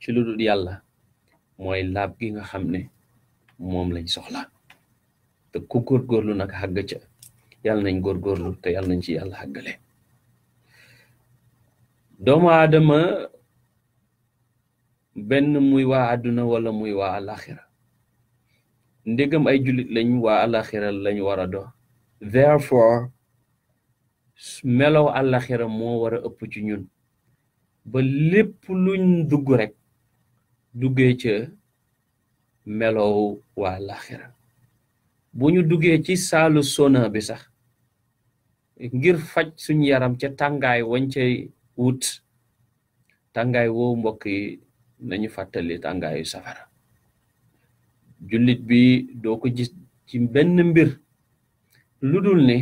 ci lu dul yàlla mooy laab gi nga xam ne moom lañ soxla te ku góorgóorlu nag xàgg ca yàlla nañ góorgóorlu te yàlla nañ ci yàlla xàggale doomu aadama benn muy waa àdduna wala muy waa alaxira ndégam ay jullit lañ wa alaxira lañ war a do therefore melow alaxira moo war a ëpp ci ñun ba lépp luñ dugg rek duggee ca melow waa laxira bu ñu duggee ci saalu sona bi sax ngir faj suñ yaram ca tàngaay wañ cay wut tàngaay woo mbokk yi nañu fàttali tàngaayu safara jullit bi doo ko gis ci benn mbir lu dul ne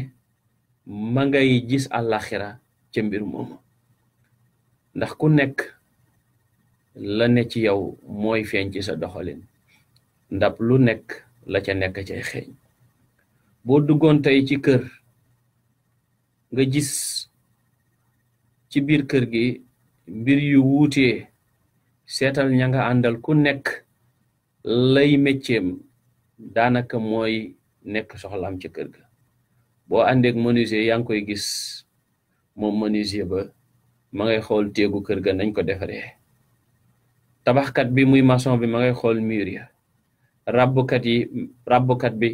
ma ngay gis àlaxira ca mbir moomu ndax ku nekk la ne ci yow mooy feeñ ci sa doxalin ndab lu nekk la ca nekk cay xeeñ boo duggoon tey ci kër nga gis ci biir kër gi mbir yu wuutee seetal ña nga àndal ku nekk lay mécceem daanaka mooy nekk soxlaam ca kër ga boo àndeek menuisier yaa ngi koy gis moom menuisier ba ma ngay xool teegu kër ga nañ ko defaree tabaxkat bi muy mason bi ma ngay xool mur ya ràbbkat yi ràbbkat bi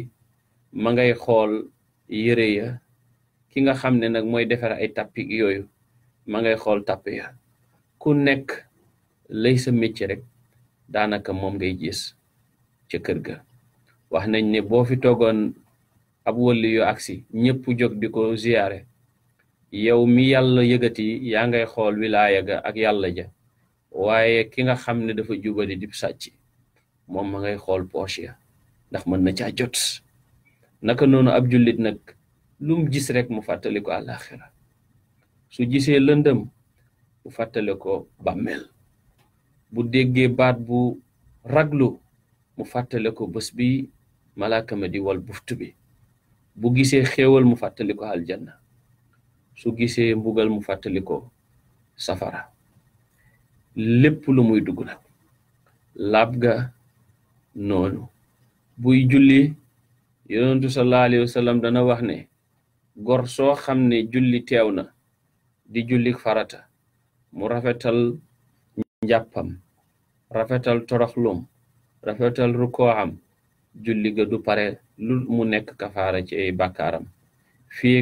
ma ngay xool yére ya ki nga xam ne nag mooy defar ay tappi yooyu ma ngay xool tapp ya ku nekk lay sa métier rek daanaka moom ngay gis ca kër ga wax nañ ne boo fi toogoon ab wëlli yu aksi ñëpp jóg di ko ziyaare yow mi yàlla yëgati yaa ngay xool wilaaya ga ak yàlla ja waaye ki nga xam ne dafa jubale di sàcc moom ma ngay xool poche ya ndax mën na caa jot naka noonu ab jullit nag lum gis rek mu fàttali ko su gisee lëndëm mu fàttali ko bàmmeel bu déggee baat bu raglu mu fàttali ko bés bi malaaka ma di wal buftu bi bu gisee xéewal mu fàttaliko ko aljanna su gisee mbugal mu fàttali ko safara lépp lu muy dugg nag laab ga noonu buy julli yonentu sallallahu alayhi wa dana wax ne gor soo xam ne julli teew na di julli farata mu rafetal njàppam rafetal toroxlum rafetal rukooxam julli ga du pare lu mu nekk kafaara ci ay bàkkaaram fii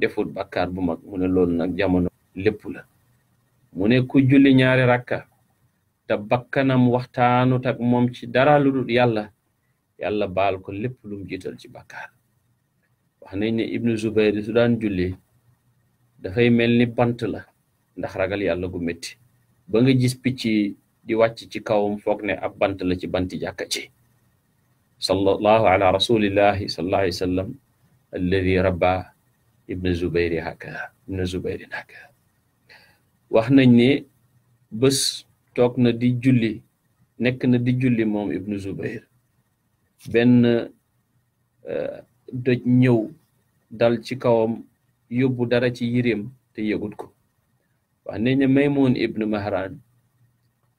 defut bàkkaar bu mag mu ne loolu nag jamono lépp la mu ne ku julli ñaari rakka te bakkanam waxtaanut ak moom ci dara lu dul yàlla yàlla baal ko lépp lu jiital ci bakkaar wax nañ ne ibnu zubayr su daan julli dafay mel ni bant la ndax ragal yàlla gu metti ba nga gis picc di wàcc ci kawam foog ne ab bant la ci banti jàkka ci sallallahu ala rasulillahi sallallahu alayhi wa rabba ibnu zubayri haka ibnu zubayrin haka wax nañ ne bés toog na di julli nekk na di julli moom ibnu zubair benn euh, doj ñëw dal ci kawam yóbbu dara ci yiréem te yëgut ko wax nañ ne maymoon ibnu mahran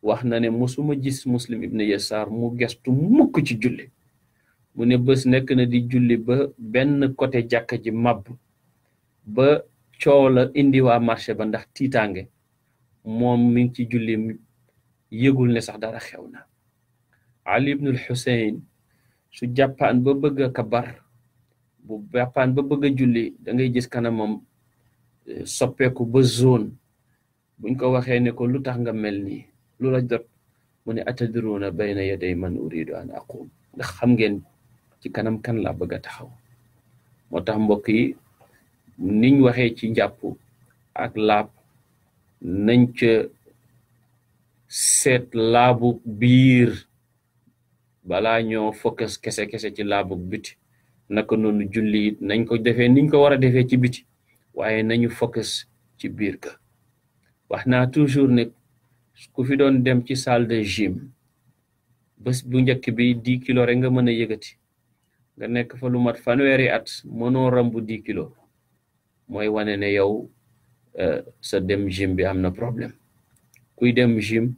wax na ne musuma gis muslim ibnu yasar mu gestu mukk ci julli mu ne bés nekk na di julli ba benn côté jàkka ji màbb ba coola la indi waa marché ba ndax tiitaange moom mi ngi ci jullim yëgul ne sax dara xew na ali ibnul xuseyn su jàppaan ba bëgg kabar bu jàppaan ba bëgg julli da ngay gis kanamam eh, soppeeku ba zone buñ ko waxee ne ko lu tax nga mel ni lu la jot mu ne atadruuna bayna yaday man uridu an aqum ndax xam ngeen ci kanam kan laa bëgg a taxaw moo tax mbokk yi niñ waxee ci njàpp ak laab nañ ca seet laabu biir bala ñoo focus kese kese ci laabu biti naka noonu julli nañ ko defee niñ ko war a defee ci biti waaye nañu focus ci biir ka wax naa toujours ne ku fi doon dem ci salle de gym bés bu njëkk bi dix kilo rek nga mën a yëgati nga nekk fa lu mat fanweeri at mënoo rambu dix kilo mooy wane ne yow Euh, sa dem gym bi am na problème kuy dem gym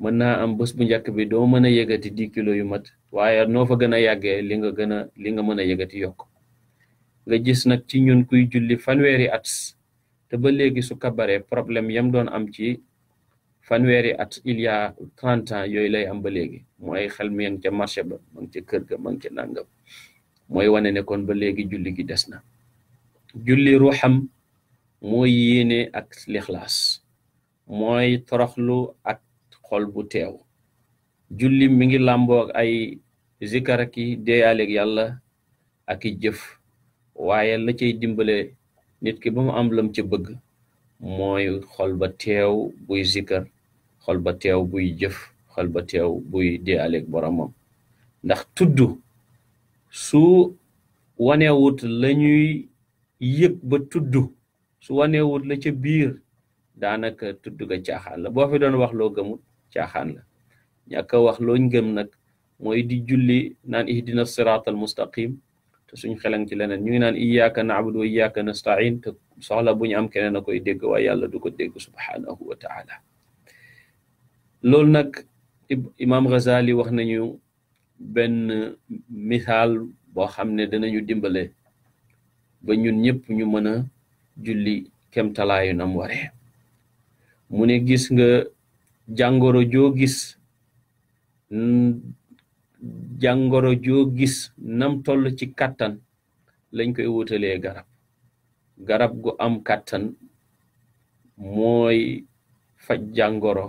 mën naa am bés bu njëkk bi doo mën a yëgati dix kilos yu mat waaye noo fa gën a yàggee li nga gën a li nga mën a yëgati yokk nga gis nag ci ñun kuy julli fanweeri at te ba léegi su kabaree problème yam doon am ci fanweeri at il y a trente ans yooyu lay am ba léegi mooy xel mi ca marché ba ma ngi ca kër ga ma ngi ca nàngam mooy wane ne kon ba léegi julli gi des na julli ruuxam mooy yéene ak lixlaas mooy toroxlu ak xol bu teew julli mi ngi làmboo ak ay zikar ki deeyaaleeg yàlla aki jëf waaye la cay dimbale nit ki ba mu am lam ca bëgg mooy xol ba teew buy zikar xol ba teew buy jëf xol ba teew buy deeyaaleeg boromam ndax tudd su la lañuy yëg ba tudd su wanewut la ca biir daanaka tudd ga caaxaan la boo fi doon wax loo gëmut caaxaan la ñàkk wax looñ gëm nag mooy di julli naan ihdina sirat al mustaqim te suñ xelan ci leneen ñu ngi naan iyyaka na'budu wa iyyaka nasta'in te soxla bu ñu am keneen a koy dégg waaye yàlla du ko dégg subhanahu wa taala loolu nag imam Ghazali wax nañu benn misaal boo xam ne danañu dimbale ba ñun ñëpp ñu mën a julli kemtalaayu nam waree mu ne gis nga jàngoro joo gis jàngoro joo gis nam toll ci kàttan lañ koy wutalee garab garab gu am kàttan mooy faj jàngoro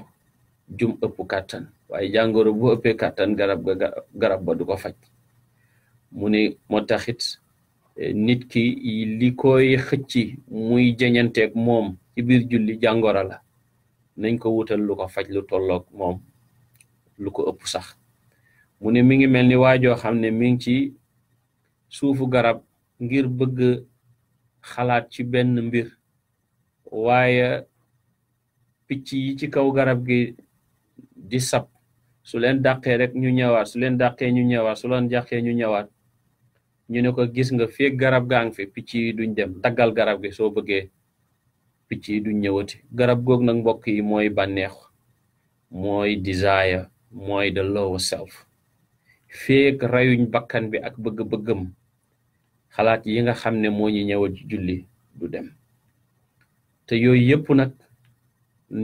jum ëpp kàttan waaye jàngoro bu ëppee kàttan garab ga garab ba du ko faj ne moo nit ki li koy xëcci muy jeñanteeg moom ci biir julli jàngoro la nañ ko wutal lu ko faj lu tolloog moom lu ko ëpp sax mu ne mi ngi mel ni waajoo xam ne mi ngi ci suufu garab ngir bëgg xalaat ci benn mbir waaye picc yi ci kaw garab gi di sab su leen dàqee rek ñu ñëwaat su leen dàqee ñu ñëwaat su leen dàqee ñu ñëwaat ñu ne ko gis nga fii garab gaa ngi picc yi duñ dem daggal garab gi soo bëggee picc yi du ñëwati garab goog nag mbokk yi mooy banneex mooy desire mooy the lower self feek rayuñ bakkan bi ak bëgg-bëggam xalaat yi nga xam ne moo ñu ñëwat julli du dem te yooyu yëpp nag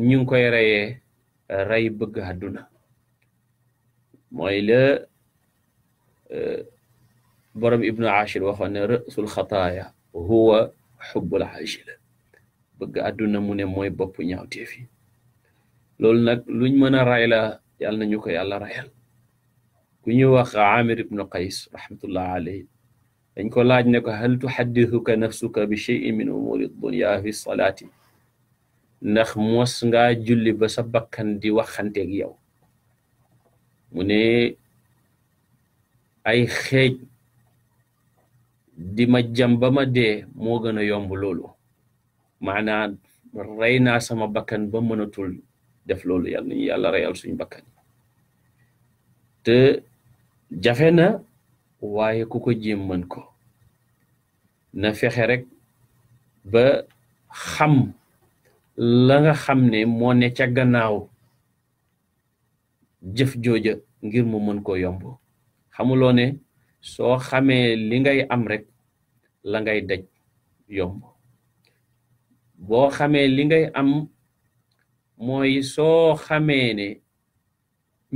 ñu ngi koy reyee rey bëgg àdduna mooy la borom ibnu achir waxoon ne rësul xataaya huwa xubbul achila bëgg àdduna mu ne mooy bopp ñaawteef yi loolu nag luñ mën a ray la yàlla nañu ko yàlla rayal ku ñuy wax amir ibnu qays rahmatullah alayhi dañ ko laaj ne ko hal tuxaddisuka nafsuka bi cheyin min umuri dunya fi salaati ndax mos nga julli ba sa bakkan di waxanteeg yow mu ne ay xeej di ma jam ba ma dee moo gën a yomb loolu maanaa rey naa sama bakkan ba mënatul def loolu yàlla nañu reyal suñu bakkan te jafe na waaye ku ko jéem mën ko na fexe rek ba xam la nga xam ne moo ne ca gannaaw jëf jooja ngir mu mën ko yomb xamuloo ne soo xamee li ngay am rek la ngay daj yomb boo xamee li ngay am mooy soo xamee ne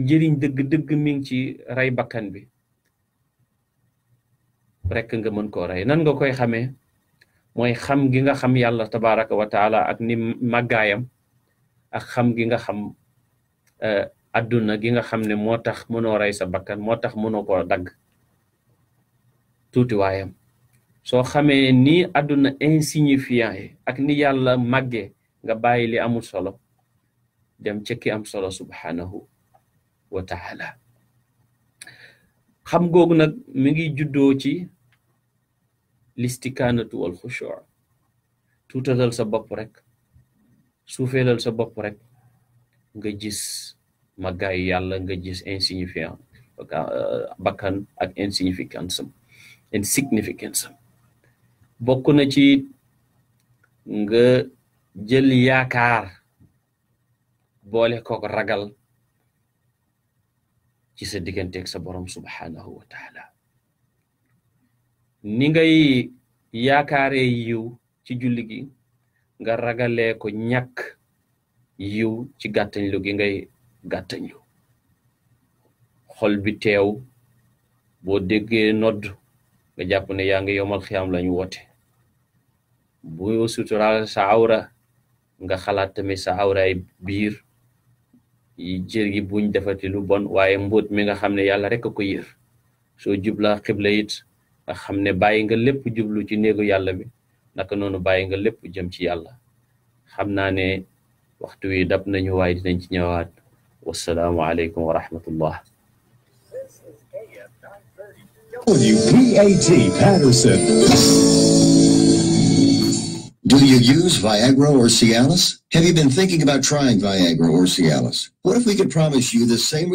njëriñ dëgg-dëgg mi ngi ci ray bakkan bi rekk nga mën koo rey nan nga koy xamee mooy xam gi nga xam yàlla tabaraka wa taala ak ni màggaayam ak xam gi nga xam eh, adduna gi nga xam ne moo tax mënoo rey sa bakkan moo tax mënoo ko dagg tuutiwaayam soo xamee ni àdduna insignifiant yi ak ni yàlla màggee nga bàyyi li amul solo dem ca ki am solo subhanahu wa taala xam googu nag mi ngi juddoo ci listikaanatu wal xushuu tuutalal sa bopp rek suufeelal sa bopp rek nga jis màggaayu yàlla nga gis insignifiant bakkan ak insignificance am insignificance am bokk na ci nga jël yaakaar boole kook ragal ci sa digganteeg sa borom subhanahu wa ni ngay yaakaare yiw ci julli gi nga ragalee ko ñakk yiw ci gàttañlu gi ngay gàttañlu xol bi teew boo déggee nodd nga jàpp ne yaa ngi yomal lañu woote bu suturaal sa awra nga xalaat tamit sa awraay biir jër gi buñ defati bon waaye mbóot mi nga xam ne yàlla rek a ko yër soo jubla xibla it nga xam ne bàyyi nga lépp jublu ci néegu yàlla bi naka noonu bàyyi nga lépp jëm ci yàlla xam naa ne waxtu wi dab nañu waaye dinañ ci ñëwaat wasalaamu aleykum wa rahmatullah WPAT Patterson. Do you use Viagra or Cialis? Have you been thinking about trying Viagra or Cialis? What if we could promise you the same